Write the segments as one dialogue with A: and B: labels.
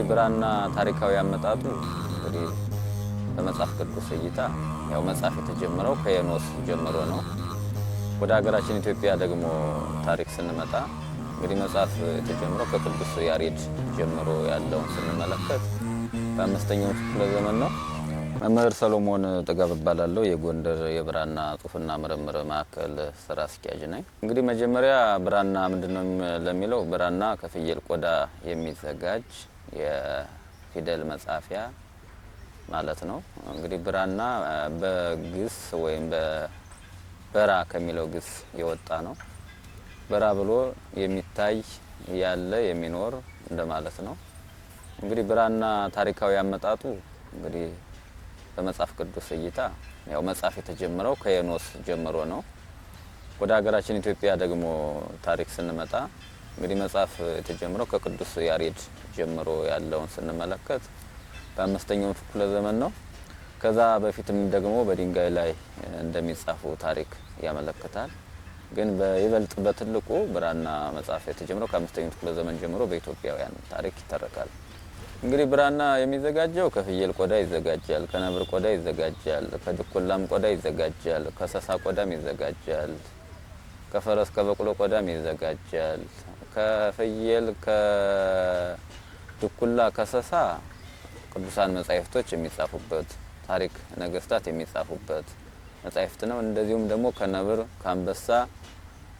A: እንግዲህ ብራና ታሪካዊ አመጣጡ እንግዲህ በመጽሐፍ ቅዱስ እይታ ያው መጽሐፍ የተጀመረው ከየኖስ ጀምሮ ነው። ወደ ሀገራችን ኢትዮጵያ ደግሞ ታሪክ ስንመጣ እንግዲህ መጽሐፍ የተጀመረው ከቅዱስ ያሬድ ጀምሮ ያለውን ስንመለከት በአምስተኛው ክፍለ ዘመን ነው። መምህር ሰሎሞን ጥጋብ እባላለሁ። የጎንደር የብራና ጽሁፍና ምርምር ማዕከል ስራ አስኪያጅ ነኝ። እንግዲህ መጀመሪያ ብራና ምንድን ነው ለሚለው ብራና ከፍየል ቆዳ የሚዘጋጅ የፊደል መጻፊያ ማለት ነው። እንግዲህ ብራና በግስ ወይም በራ ከሚለው ግስ የወጣ ነው። በራ ብሎ የሚታይ ያለ የሚኖር እንደማለት ነው። እንግዲህ ብራና ታሪካዊ አመጣጡ እንግዲህ በመጽሐፍ ቅዱስ እይታ ያው መጽሐፍ የተጀመረው ከየኖስ ጀምሮ ነው። ወደ ሀገራችን ኢትዮጵያ ደግሞ ታሪክ ስንመጣ እንግዲህ መጽሐፍ የተጀምሮ ከቅዱስ ያሬድ ጀምሮ ያለውን ስንመለከት በአምስተኛው ክፍለ ዘመን ነው። ከዛ በፊትም ደግሞ በድንጋይ ላይ እንደሚጻፉ ታሪክ ያመለክታል። ግን በይበልጥ በትልቁ ብራና መጽሐፍ የተጀምሮ ከአምስተኛው ክፍለ ዘመን ጀምሮ በኢትዮጵያውያን ታሪክ ይተረካል። እንግዲህ ብራና የሚዘጋጀው ከፍየል ቆዳ ይዘጋጃል፣ ከነብር ቆዳ ይዘጋጃል፣ ከድኩላም ቆዳ ይዘጋጃል፣ ከሰሳ ቆዳም ይዘጋጃል፣ ከፈረስ ከበቅሎ ቆዳም ይዘጋጃል። ከፍየል፣ ከድኩላ፣ ከሰሳ ቅዱሳን መጻሕፍቶች የሚጻፉበት ታሪክ ነገስታት የሚጻፉበት መጻሕፍት ነው። እንደዚሁም ደግሞ ከነብር ከአንበሳ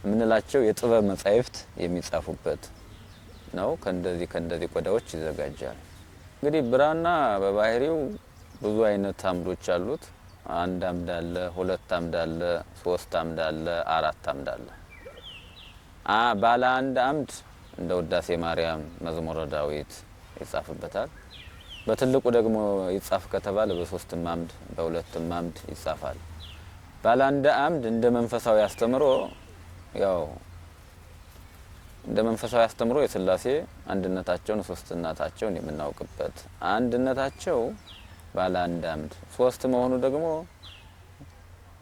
A: የምንላቸው የጥበብ መጻሕፍት የሚጻፉበት ነው። ከእንደዚህ ከእንደዚህ ቆዳዎች ይዘጋጃል። እንግዲህ ብራና በባህሪው ብዙ አይነት አምዶች አሉት። አንድ አምድ አለ፣ ሁለት አምድ አለ፣ ሶስት አምድ አለ፣ አራት አምድ አለ። ባለ አንድ አምድ እንደ ውዳሴ ማርያም፣ መዝሙረ ዳዊት ይጻፍበታል። በትልቁ ደግሞ ይጻፍ ከተባለ በሶስትም አምድ በሁለትም አምድ ይጻፋል። ባለ አንድ አምድ እንደ መንፈሳዊ አስተምሮ ያው እንደ መንፈሳዊ አስተምሮ የስላሴ አንድነታቸውን ሶስትነታቸውን የምናውቅበት አንድነታቸው ባለ አንድ አምድ፣ ሶስት መሆኑ ደግሞ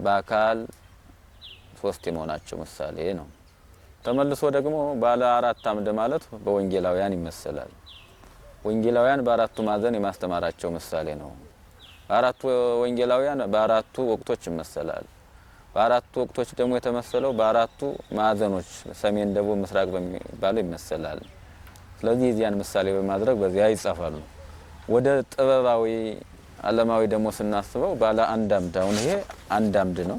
A: በአካል ሶስት የመሆናቸው ምሳሌ ነው። ተመልሶ ደግሞ ባለ አራት አምድ ማለት በወንጌላውያን ይመሰላል። ወንጌላውያን በአራቱ ማዕዘን የማስተማራቸው ምሳሌ ነው። አራቱ ወንጌላውያን በአራቱ ወቅቶች ይመሰላል። በአራቱ ወቅቶች ደግሞ የተመሰለው በአራቱ ማዕዘኖች ሰሜን፣ ደቡብ፣ ምስራቅ በሚባለው ይመሰላል። ስለዚህ የዚያን ምሳሌ በማድረግ በዚያ ይጻፋሉ። ወደ ጥበባዊ አለማዊ ደግሞ ስናስበው ባለ አንድ አምድ አሁን ይሄ አንድ አምድ ነው።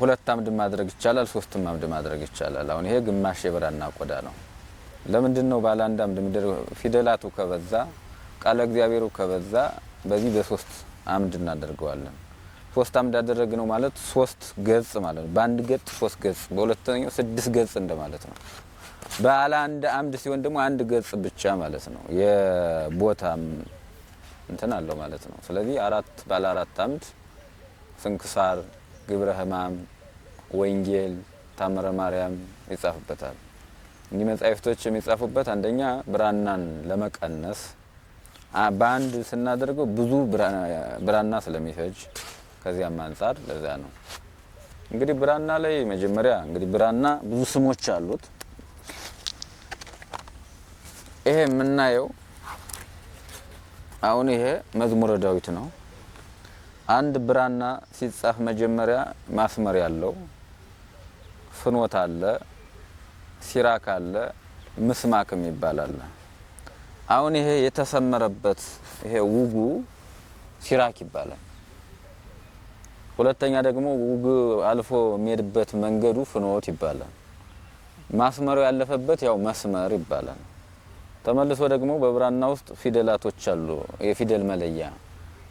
A: ሁለት አምድ ማድረግ ይቻላል፣ ሶስትም አምድ ማድረግ ይቻላል። አሁን ይሄ ግማሽ የብራና ቆዳ ነው። ለምንድን ነው ባለ አንድ አምድ ምድር ፊደላቱ ከበዛ ቃለ እግዚአብሔሩ ከበዛ በዚህ በሶስት አምድ እናደርገዋለን። ሶስት አምድ አደረግ ነው ማለት ሶስት ገጽ ማለት ነው። በአንድ ገጽ ሶስት ገጽ፣ በሁለተኛው ስድስት ገጽ እንደማለት ነው። ባለ አንድ አምድ ሲሆን ደግሞ አንድ ገጽ ብቻ ማለት ነው። የቦታ እንትን አለው ማለት ነው። ስለዚህ አራት ባለ አራት አምድ ስንክሳር ግብረ ሕማም፣ ወንጌል፣ ታምረ ማርያም ይጻፍበታል። እኒህ መጻሕፍቶች የሚጻፉበት አንደኛ ብራናን ለመቀነስ በአንድ ስናደርገው ብዙ ብራና ስለሚፈጅ ከዚያም አንጻር ለዚያ ነው። እንግዲህ ብራና ላይ መጀመሪያ እንግዲህ ብራና ብዙ ስሞች አሉት። ይሄ የምናየው አሁን ይሄ መዝሙረ ዳዊት ነው። አንድ ብራና ሲጻፍ መጀመሪያ ማስመር ያለው ፍኖት አለ፣ ሲራክ አለ፣ ምስማክም ይባላል። አሁን ይሄ የተሰመረበት ይሄ ውጉ ሲራክ ይባላል። ሁለተኛ ደግሞ ውግ አልፎ የሚሄድበት መንገዱ ፍኖት ይባላል። ማስመሩ ያለፈበት ያው መስመር ይባላል። ተመልሶ ደግሞ በብራና ውስጥ ፊደላቶች አሉ፣ የፊደል መለያ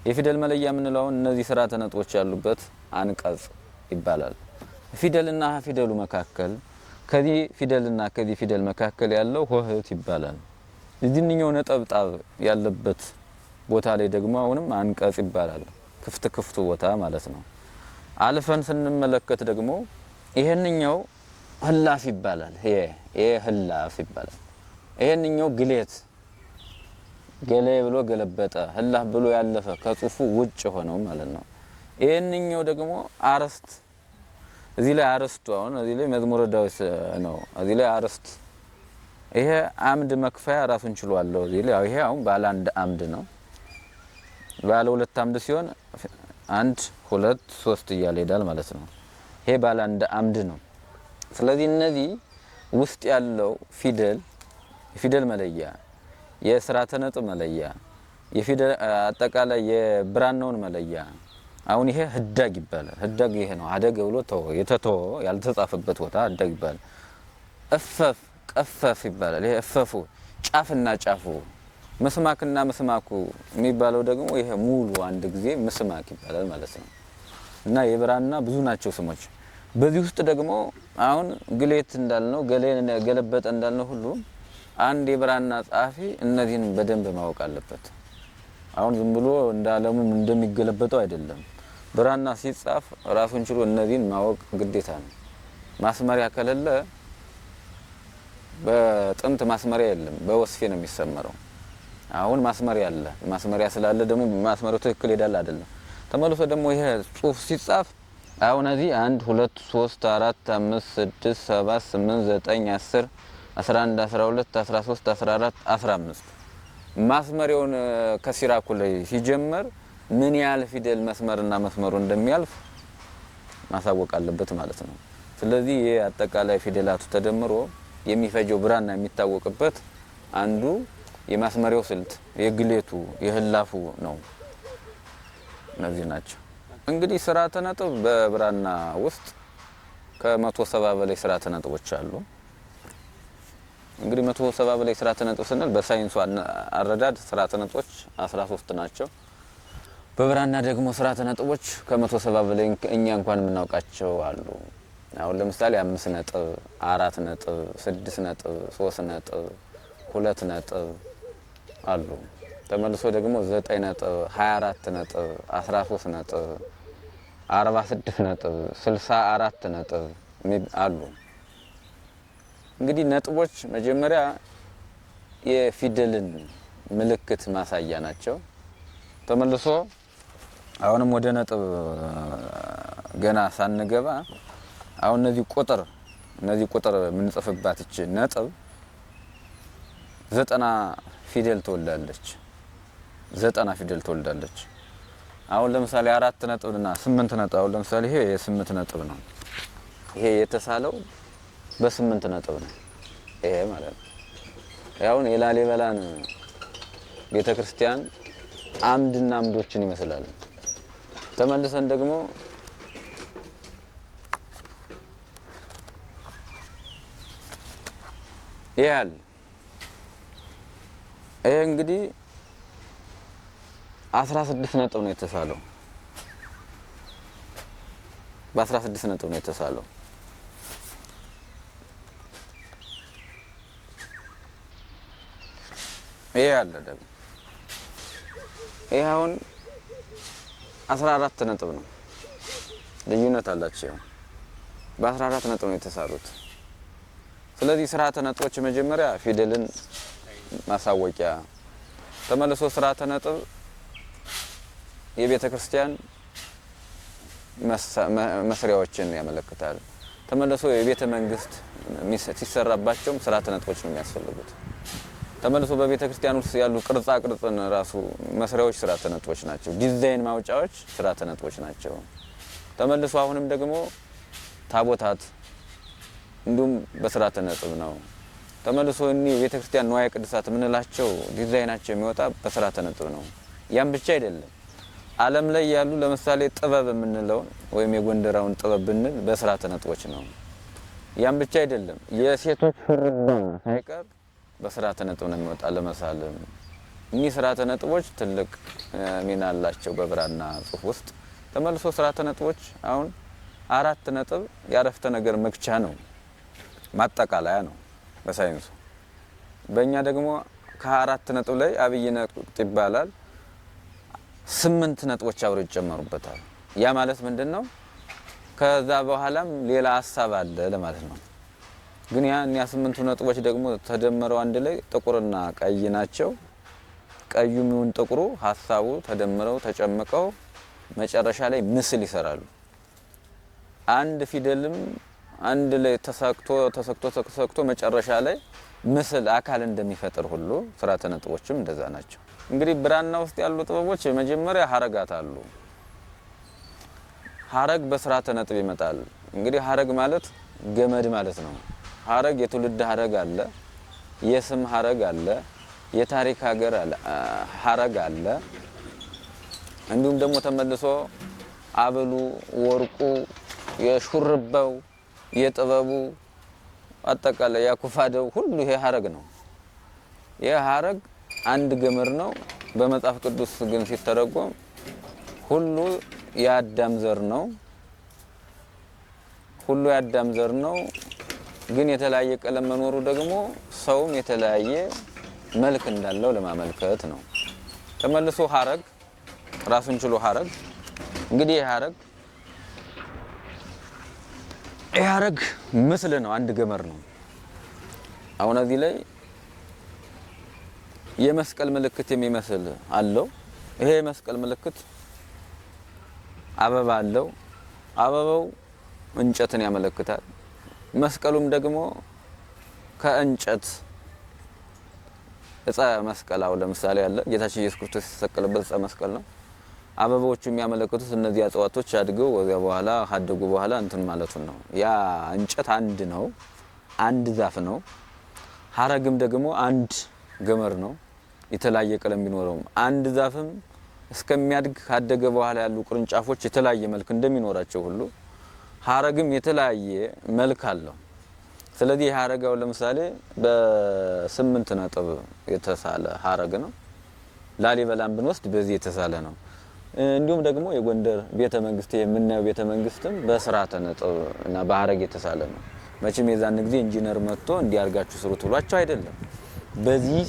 A: የፊደል መለያ የምንለው እነዚህ ስርዓተ ነጥቦች ያሉበት አንቀጽ ይባላል። ፊደልና ፊደሉ መካከል ከዚህ ፊደልና ከዚህ ፊደል መካከል ያለው ሆህት ይባላል። እዚህኛው ነጠብጣብ ያለበት ቦታ ላይ ደግሞ አሁንም አንቀጽ ይባላል። ክፍት ክፍቱ ቦታ ማለት ነው። አልፈን ስንመለከት ደግሞ ይሄንኛው ህላፍ ይባላል። ይሄ ህላፍ ይባላል። ይሄንኛው ግሌት ገለይ ብሎ ገለበጠ፣ ህላህ ብሎ ያለፈ ከጽሁፉ ውጭ የሆነው ማለት ነው። ይህንኛው ደግሞ አረስት እዚህ ላይ አረስቱ አሁን እዚህ ላይ መዝሙረ ዳዊት ነው። እዚህ ላይ አረስት ይሄ አምድ መክፈያ ራሱን ችሏለሁ። እዚህ ላይ ይሄ አሁን ባለ አንድ አምድ ነው። ባለ ሁለት አምድ ሲሆን አንድ ሁለት ሶስት እያለ ሄዳል ማለት ነው። ይሄ ባለ አንድ አምድ ነው። ስለዚህ እነዚህ ውስጥ ያለው ፊደል ፊደል መለያ የስርዓተ ነጥብ መለያ፣ የፊደል አጠቃላይ የብራናውን መለያ። አሁን ይሄ ህዳግ ይባላል። ህዳግ ይሄ ነው። አደግ ብሎ ተወ፣ የተተወ ያልተጻፈበት ቦታ ህዳግ ይባላል። እፈፍ፣ ቀፈፍ ይባላል። ይሄ እፈፉ ጫፍና ጫፉ ምስማክና ምስማኩ የሚባለው ደግሞ ይሄ ሙሉ አንድ ጊዜ ምስማክ ይባላል ማለት ነው። እና የብራና ብዙ ናቸው ስሞች። በዚህ ውስጥ ደግሞ አሁን ግሌት እንዳልነው ገለበጠ እንዳልነው ሁሉ አንድ የብራና ጸሐፊ እነዚህን በደንብ ማወቅ አለበት። አሁን ዝም ብሎ እንደ ዓለሙ እንደሚገለበጠው አይደለም። ብራና ሲጻፍ ራሱን ችሎ እነዚህን ማወቅ ግዴታ ነው። ማስመሪያ ከሌለ በጥንት ማስመሪያ የለም፣ በወስፌ ነው የሚሰመረው። አሁን ማስመሪያ አለ። ማስመሪያ ስላለ ደግሞ ማስመሪያው ትክክል ሄዳል አይደለም። ተመልሶ ደግሞ ይሄ ጽሁፍ ሲጻፍ አሁን እዚህ አንድ ሁለት ሶስት አራት አምስት ስድስት ሰባት ስምንት ዘጠኝ አስር 11 12 13 14 15 ማስመሪያውን ከሲራኩ ላይ ሲጀመር ምን ያህል ፊደል መስመርና መስመሩ እንደሚያልፍ ማሳወቅ አለበት ማለት ነው። ስለዚህ ይህ አጠቃላይ ፊደላቱ ተደምሮ የሚፈጀው ብራና የሚታወቅበት አንዱ የማስመሪያው ስልት የግሌቱ የህላፉ ነው። እነዚህ ናቸው እንግዲህ ስርዓተ ነጥብ በብራና ውስጥ ከመቶ ሰባ በላይ ስርዓተ ነጥቦች አሉ። እንግዲህ መቶ ሰባ በላይ ስርዓተ ነጥብ ስንል በሳይንሱ አረዳድ ስርዓተ ነጥቦች 13 ናቸው። በብራና ደግሞ ስርዓተ ነጥቦች ከመቶ ሰባ በላይ እኛ እንኳን የምናውቃቸው አሉ። አሁን ለምሳሌ አምስት ነጥብ፣ አራት ነጥብ፣ ስድስት ነጥብ፣ ሶስት ነጥብ፣ ሁለት ነጥብ አሉ። ተመልሶ ደግሞ ዘጠኝ ነጥብ፣ ሀያ አራት ነጥብ፣ አስራ ሶስት ነጥብ፣ አርባ ስድስት ነጥብ፣ ስልሳ አራት ነጥብ አሉ። እንግዲህ ነጥቦች መጀመሪያ የፊደልን ምልክት ማሳያ ናቸው። ተመልሶ አሁንም ወደ ነጥብ ገና ሳንገባ አሁን እነዚህ ቁጥር እነዚህ ቁጥር የምንጽፍባት እች ነጥብ ዘጠና ፊደል ትወልዳለች። ዘጠና ፊደል ትወልዳለች። አሁን ለምሳሌ አራት ነጥብና ስምንት ነጥብ አሁን ለምሳሌ ይሄ የስምንት ነጥብ ነው። ይሄ የተሳለው በስምንት ነጥብ ነው። ይሄ ማለት ነው ያሁን የላሊበላን ቤተ ክርስቲያን አምድና አምዶችን ይመስላል። ተመልሰን ደግሞ ይሄ ይሄ እንግዲህ አስራ ስድስት ነጥብ ነው የተሳለው። በአስራ ስድስት ነጥብ ነው የተሳለው። ይሄ አለ ደግሞ ይሄ አሁን አስራ አራት ነጥብ ነው ልዩነት አላቸው። ይኸው በአስራ አራት ነጥብ ነው የተሰሩት። ስለዚህ ስርዓተ ነጥቦች መጀመሪያ ፊደልን ማሳወቂያ፣ ተመልሶ ስርዓተ ነጥብ የቤተ ክርስቲያን መስሪያዎችን ያመለክታል። ተመልሶ የቤተ መንግስት ሲሰራባቸውም ስርዓተ ነጥቦች ነው የሚያስፈልጉት። ተመልሶ በቤተ ክርስቲያን ውስጥ ያሉ ቅርጻ ቅርጽን ራሱ መስሪያዎች ስርዓተ ነጥቦች ናቸው። ዲዛይን ማውጫዎች ስርዓተ ነጥቦች ናቸው። ተመልሶ አሁንም ደግሞ ታቦታት እንዲሁም በስርዓተ ነጥብ ነው። ተመልሶ እኒ ቤተ ክርስቲያን ንዋየ ቅድሳት የምንላቸው ዲዛይናቸው የሚወጣ በስርዓተ ነጥብ ነው። ያም ብቻ አይደለም። ዓለም ላይ ያሉ ለምሳሌ ጥበብ የምንለውን ወይም የጎንደራውን ጥበብ ብንል በስርዓተ ነጥቦች ነው። ያም ብቻ አይደለም። የሴቶች ፍርዳ ሳይቀር በስርዓተ ነጥብ ነው የሚወጣ ለመሳል። እኚህ ስርዓተ ነጥቦች ትልቅ ሚና አላቸው በብራና ጽሁፍ ውስጥ። ተመልሶ ስርዓተ ነጥቦች አሁን አራት ነጥብ ያረፍተ ነገር መክቻ ነው፣ ማጠቃለያ ነው በሳይንሱ። በእኛ ደግሞ ከአራት ነጥብ ላይ አብይ ነጥብ ይባላል። ስምንት ነጥቦች አብረው ይጨመሩበታል። ያ ማለት ምንድን ነው? ከዛ በኋላም ሌላ ሀሳብ አለ ለማለት ነው። ግን ያ ያ ስምንቱ ነጥቦች ደግሞ ተደምረው አንድ ላይ ጥቁርና ቀይ ናቸው። ቀዩም ይሁን ጥቁሩ ሀሳቡ ተደምረው ተጨምቀው መጨረሻ ላይ ምስል ይሰራሉ። አንድ ፊደልም አንድ ላይ ተሳክቶ ተሰክቶ ተሰክቶ መጨረሻ ላይ ምስል አካል እንደሚፈጥር ሁሉ ስርዓተ ነጥቦችም እንደዛ ናቸው። እንግዲህ ብራና ውስጥ ያሉ ጥበቦች መጀመሪያ ሀረጋት አሉ። ሀረግ በስርዓተ ነጥብ ይመጣል። እንግዲህ ሀረግ ማለት ገመድ ማለት ነው። ሀረግ የትውልድ ሀረግ አለ፣ የስም ሀረግ አለ፣ የታሪክ ሀገር ሀረግ አለ። እንዲሁም ደግሞ ተመልሶ አብሉ፣ ወርቁ፣ የሹርባው፣ የጥበቡ አጠቃላይ ያኩፋደው ሁሉ ይሄ ሀረግ ነው። ይህ ሀረግ አንድ ግምር ነው። በመጽሐፍ ቅዱስ ግን ሲተረጎም ሁሉ የአዳም ዘር ነው። ሁሉ የአዳም ዘር ነው። ግን የተለያየ ቀለም መኖሩ ደግሞ ሰውም የተለያየ መልክ እንዳለው ለማመልከት ነው። ተመልሶ ሀረግ ራሱን ችሎ ሀረግ እንግዲህ ሀረግ ሀረግ ምስል ነው፣ አንድ ገመር ነው። አሁን እዚህ ላይ የመስቀል ምልክት የሚመስል አለው። ይሄ የመስቀል ምልክት አበባ አለው። አበባው እንጨትን ያመለክታል። መስቀሉም ደግሞ ከእንጨት እፀ መስቀል አሁን ለምሳሌ ያለ ጌታችን ኢየሱስ ክርስቶስ የተሰቀለበት እፀ መስቀል ነው። አበባዎቹ የሚያመለክቱት እነዚህ እጽዋቶች አድገው ወዚያ በኋላ ካደጉ በኋላ እንትን ማለቱን ነው። ያ እንጨት አንድ ነው፣ አንድ ዛፍ ነው። ሀረግም ደግሞ አንድ ገመር ነው፣ የተለያየ ቀለም ቢኖረውም አንድ ዛፍም እስከሚያድግ ካደገ በኋላ ያሉ ቅርንጫፎች የተለያየ መልክ እንደሚኖራቸው ሁሉ ሀረግም የተለያየ መልክ አለው። ስለዚህ ሀረጋው ለምሳሌ በስምንት ነጥብ የተሳለ ሀረግ ነው። ላሊበላን ብንወስድ በዚህ የተሳለ ነው። እንዲሁም ደግሞ የጎንደር ቤተ መንግስት የምናየው ቤተ መንግስትም በስርዓተ ነጥብ እና በሀረግ የተሳለ ነው። መቼም የዛን ጊዜ ኢንጂነር መጥቶ እንዲያርጋችሁ ስሩት ትሏቸው አይደለም። በዚህ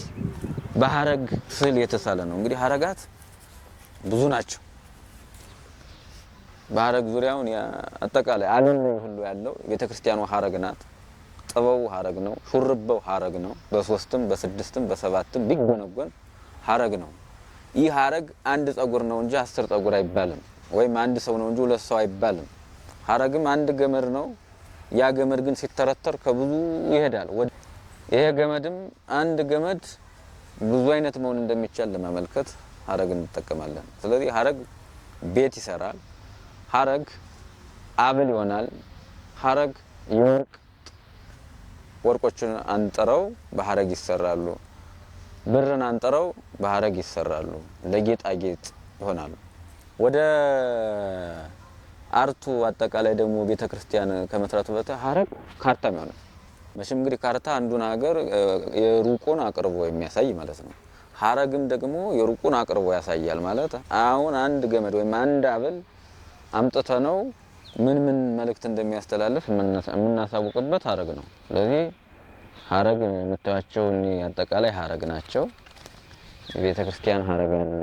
A: በሀረግ ስዕል የተሳለ ነው። እንግዲህ ሀረጋት ብዙ ናቸው። በሀረግ ዙሪያውን አጠቃላይ ዓለም ላይ ሁሉ ያለው ቤተክርስቲያኗ ሀረግ ናት። ጥበቡ ሀረግ ነው። ሹርባው ሀረግ ነው። በሶስትም በስድስትም በሰባትም ቢጎነጎን ሀረግ ነው። ይህ ሀረግ አንድ ጸጉር ነው እንጂ አስር ጸጉር አይባልም። ወይም አንድ ሰው ነው እንጂ ሁለት ሰው አይባልም። ሀረግም አንድ ገመድ ነው። ያ ገመድ ግን ሲተረተር ከብዙ ይሄዳል። ይሄ ገመድም አንድ ገመድ ብዙ አይነት መሆን እንደሚቻል ለማመልከት ሀረግ እንጠቀማለን። ስለዚህ ሀረግ ቤት ይሰራል። ሀረግ አብል ይሆናል። ሀረግ የወርቅ ወርቆችን አንጥረው በሀረግ ይሰራሉ። ብርን አንጥረው በሀረግ ይሰራሉ። ለጌጣጌጥ ይሆናሉ። ወደ አርቱ አጠቃላይ ደግሞ ቤተ ክርስቲያን ከመስራቱ በተ ሀረግ ካርታ ይሆናል። መቼም እንግዲህ ካርታ አንዱን ሀገር የሩቁን አቅርቦ የሚያሳይ ማለት ነው። ሀረግም ደግሞ የሩቁን አቅርቦ ያሳያል ማለት አሁን አንድ ገመድ ወይም አንድ አበል አምጥተ ነው ምን ምን መልእክት እንደሚያስተላልፍ የምናሳውቅበት ሀረግ ነው። ስለዚህ ሀረግ የምታያቸው አጠቃላይ ሀረግ ናቸው። የቤተ ክርስቲያን ሀረግ አለ፣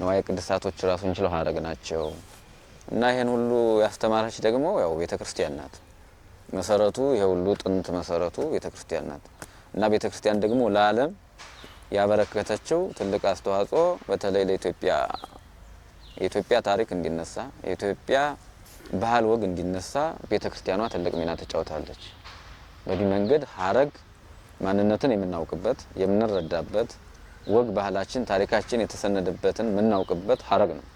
A: ንዋየ ቅድሳቶች ራሱን ችለው ሀረግ ናቸው እና ይህን ሁሉ ያስተማረች ደግሞ ያው ቤተ ክርስቲያን ናት። መሰረቱ ይሄ ሁሉ ጥንት መሰረቱ ቤተ ክርስቲያን ናት እና ቤተ ክርስቲያን ደግሞ ለዓለም ያበረከተችው ትልቅ አስተዋጽኦ በተለይ ለኢትዮጵያ የኢትዮጵያ ታሪክ እንዲነሳ የኢትዮጵያ ባህል ወግ እንዲነሳ ቤተ ክርስቲያኗ ትልቅ ሚና ትጫወታለች። በዚህ መንገድ ሀረግ ማንነትን የምናውቅበት የምንረዳበት፣ ወግ ባህላችን፣ ታሪካችን የተሰነደበትን የምናውቅበት ሀረግ ነው።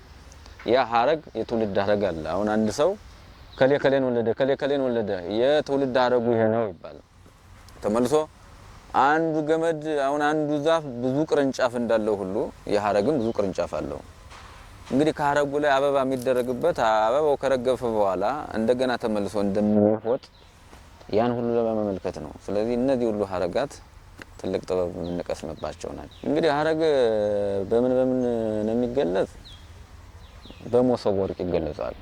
A: ያ ሀረግ የትውልድ ሀረግ አለ። አሁን አንድ ሰው ከሌ ከሌን ወለደ ከሌ ከሌን ወለደ የትውልድ ሀረጉ ይሄ ነው ይባላል። ተመልሶ አንዱ ገመድ አሁን አንዱ ዛፍ ብዙ ቅርንጫፍ እንዳለው ሁሉ የሀረግም ብዙ ቅርንጫፍ አለው። እንግዲህ ከሀረጉ ላይ አበባ የሚደረግበት አበባው ከረገፈ በኋላ እንደገና ተመልሶ እንደሚወጥ ያን ሁሉ ለመመልከት ነው። ስለዚህ እነዚህ ሁሉ ሀረጋት ትልቅ ጥበብ የምንቀስምባቸው ናቸው። እንግዲህ ሀረግ በምን በምን ነው የሚገለጽ? በሞሶብ ወርቅ ይገለጻል።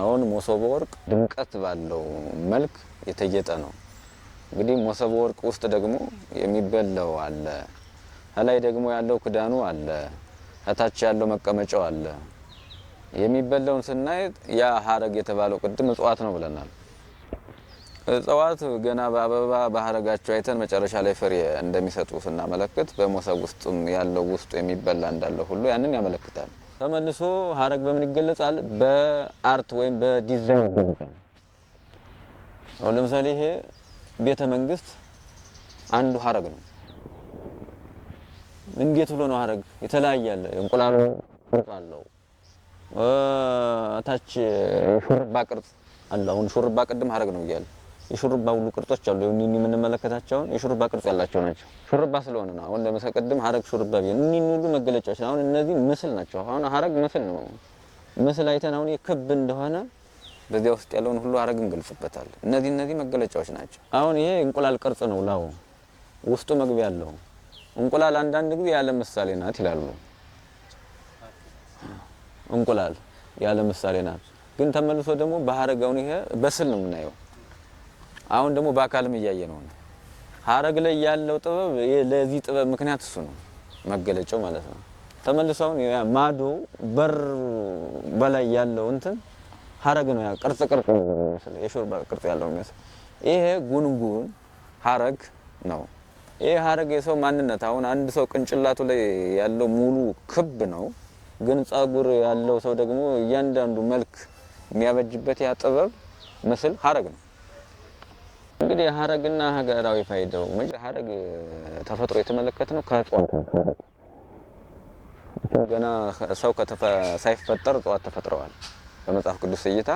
A: አሁን ሞሶብ ወርቅ ድምቀት ባለው መልክ የተጌጠ ነው። እንግዲህ ሞሰብ ወርቅ ውስጥ ደግሞ የሚበላው አለ፣ ከላይ ደግሞ ያለው ክዳኑ አለ እታች ያለው መቀመጫው አለ። የሚበላውን ስናይ ያ ሀረግ የተባለው ቅድም እጽዋት ነው ብለናል። እጽዋት ገና በአበባ በሀረጋቸው አይተን መጨረሻ ላይ ፍሬ እንደሚሰጡ ስናመለክት በሞሰብ ውስጥም ያለው ውስጡ የሚበላ እንዳለ ሁሉ ያንን ያመለክታል። ተመልሶ ሀረግ በምን ይገለጻል? በአርት ወይም በዲዛይን ይገለጻል። ለምሳሌ ይሄ ቤተ መንግስት አንዱ ሀረግ ነው። እንዴት ብሎ ነው ሀረግ የተለያየ እንቁላሉ ቅርጽ አለው። ሹርባ ቅርጽ አለ። አሁን ሹርባ ቅድም አረግ ነው እያለ የሹርባ ሁሉ ቅርጾች አሉ። ይሁን የምንመለከታቸውን የሹርባ ቅርጽ ያላቸው ናቸው። ሹርባ ስለሆነ ነው። አሁን ለምሳሌ ቅድም ሀረግ ሹርባ ቢሆን እኒህን ሁሉ መገለጫዎች አሁን እነዚህ ምስል ናቸው። አሁን ሀረግ ምስል ነው። ምስል አይተን አሁን የክብ እንደሆነ በዚያ ውስጥ ያለውን ሁሉ ሀረግ እንገልጽበታለን። እነዚህ እነዚህ መገለጫዎች ናቸው። አሁን ይሄ እንቁላል ቅርጽ ነው። ላው ውስጡ መግቢያ አለው። እንቁላል አንዳንድ ጊዜ ያለ ምሳሌ ናት ይላሉ። እንቁላል ያለ ምሳሌ ናት፣ ግን ተመልሶ ደግሞ በሀረጋውን ይሄ በስል ነው የምናየው። አሁን ደግሞ በአካልም እያየ ነው ነው ሀረግ ላይ ያለው ጥበብ ለዚህ ጥበብ ምክንያት እሱ ነው መገለጫው ማለት ነው። ተመልሶ አሁን ማዶ በር በላይ ያለው እንትን ሀረግ ነው ያ ቅርጽ ቅርጽ የሾርባ ቅርጽ ያለው ይሄ ጉንጉን ሀረግ ነው። ይህ ሀረግ የሰው ማንነት አሁን አንድ ሰው ቅንጭላቱ ላይ ያለው ሙሉ ክብ ነው፣ ግን ጸጉር ያለው ሰው ደግሞ እያንዳንዱ መልክ የሚያበጅበት ያ ጥበብ ምስል ሀረግ ነው። እንግዲህ ሀረግና ሀገራዊ ፋይዳው ሀረግ ተፈጥሮ የተመለከት ነው ከጠዋት ገና ሰው ሳይፈጠር እጽዋት ተፈጥረዋል። በመጽሐፍ ቅዱስ እይታ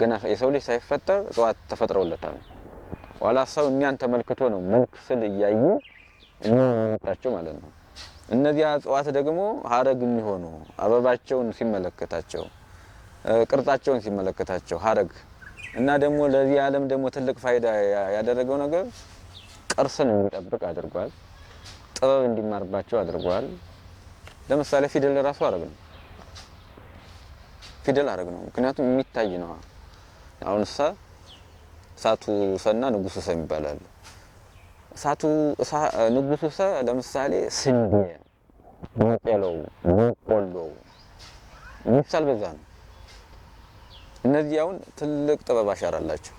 A: ገና የሰው ልጅ ሳይፈጠር እጽዋት ተፈጥረውለታል። ኋላ ሰው እኛን ተመልክቶ ነው መልክ ስል እያዩ የሚመጣቸው ማለት ነው። እነዚያ እጽዋት ደግሞ ሀረግ የሚሆኑ አበባቸውን ሲመለከታቸው፣ ቅርጻቸውን ሲመለከታቸው ሀረግ እና ደግሞ ለዚህ ዓለም ደግሞ ትልቅ ፋይዳ ያደረገው ነገር ቅርስን እንዲጠብቅ አድርጓል። ጥበብ እንዲማርባቸው አድርጓል። ለምሳሌ ፊደል ራሱ ሀረግ ነው። ፊደል ሀረግ ነው፣ ምክንያቱም የሚታይ ነው። አሁን እሳቱ ሰና ንጉሱ ሰ ይባላል። እሳቱ ንጉሱ ሰ ለምሳሌ ስንዴ ሚቄለው፣ ሚቆሎው የሚብሳል በዛ ነው። እነዚህ አሁን ትልቅ ጥበብ አሻራ አላቸው።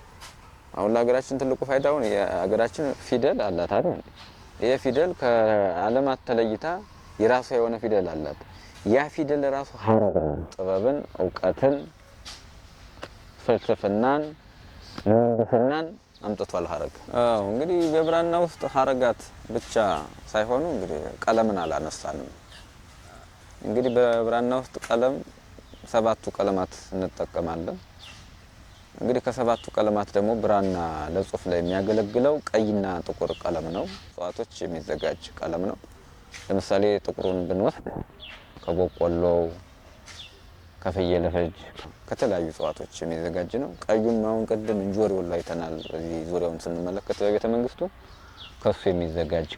A: አሁን ለሀገራችን ትልቁ ፋይዳ አሁን የሀገራችን ፊደል አላት አይደል? ይሄ ፊደል ከዓለማት ተለይታ የራሷ የሆነ ፊደል አላት። ያ ፊደል ራሱ ሀረግ ጥበብን፣ እውቀትን፣ ፍልስፍናን ብራን አምጥቷል ሀረግ። አዎ እንግዲህ በብራና ውስጥ ሀረጋት ብቻ ሳይሆኑ እንግዲህ ቀለምን አላነሳንም። እንግዲህ በብራና ውስጥ ቀለም ሰባቱ ቀለማት እንጠቀማለን። እንግዲህ ከሰባቱ ቀለማት ደግሞ ብራና ለጽሁፍ ላይ የሚያገለግለው ቀይና ጥቁር ቀለም ነው። እጽዋቶች የሚዘጋጅ ቀለም ነው። ለምሳሌ ጥቁሩን ብንወስድ ከበቆሎው ከፍየል ፈጅ ከተለያዩ እጽዋቶች የሚዘጋጅ ነው። ቀዩን አሁን ቅድም እንጆሪውን ላይ አይተናል እዚህ ዙሪያውን ስንመለከት በቤተ መንግስቱ ከሱ የሚዘጋጅ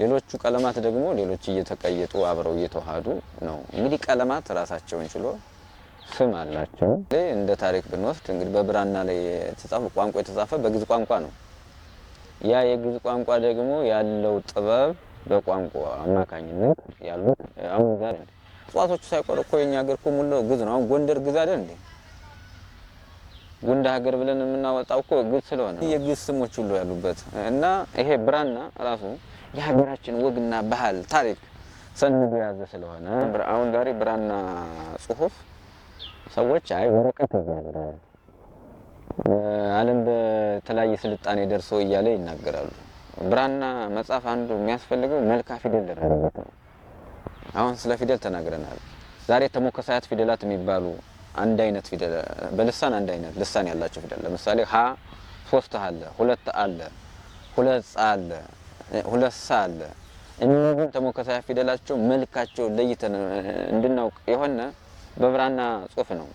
A: ሌሎቹ ቀለማት ደግሞ ሌሎች እየተቀየጡ አብረው እየተዋሃዱ ነው። እንግዲህ ቀለማት ራሳቸውን ችሎ ስም አላቸው። እንደ ታሪክ ብንወስድ እንግዲህ በብራና ላይ የተጻፈ ቋንቋ የተጻፈ በግዝ ቋንቋ ነው። ያ የግዝ ቋንቋ ደግሞ ያለው ጥበብ በቋንቋ አማካኝነት ያሉት አሁን ጠዋቶቹ ሳይቆር እኮ የኛ ሀገር እኮ ሙሉ ግዝ ነው። አሁን ጎንደር ግዝ አይደል እንዴ? ጉንዳ ሀገር ብለን የምናወጣው እኮ ግዝ ስለሆነ የግዝ ስሞች ሁሉ ያሉበት እና ይሄ ብራና ራሱ የሀገራችን ወግና ባህል ታሪክ ሰንዱ የያዘ ስለሆነ አሁን ዛሬ ብራና ጽሁፍ ሰዎች አይ ወረቀት እያለ ዓለም በተለያየ ስልጣኔ ደርሶ እያለ ይናገራሉ። ብራና መጽሐፍ አንዱ የሚያስፈልገው መልካ ፊደል ደረበት ነው። አሁን ስለ ፊደል ተናግረናል። ዛሬ ተሞከሳያት ፊደላት የሚባሉ አንድ አይነት ፊደል በልሳን አንድ አይነት ልሳን ያላቸው ፊደል ለምሳሌ ሀ ሶስት አለ፣ ሁለት አለ፣ ሁለት አለ፣ ሁለት ሳ አለ። እነዚህ ተሞከሳያ ፊደላቸው መልካቸው ለይተን እንድናውቅ የሆነ በብራና ጽሁፍ ነው።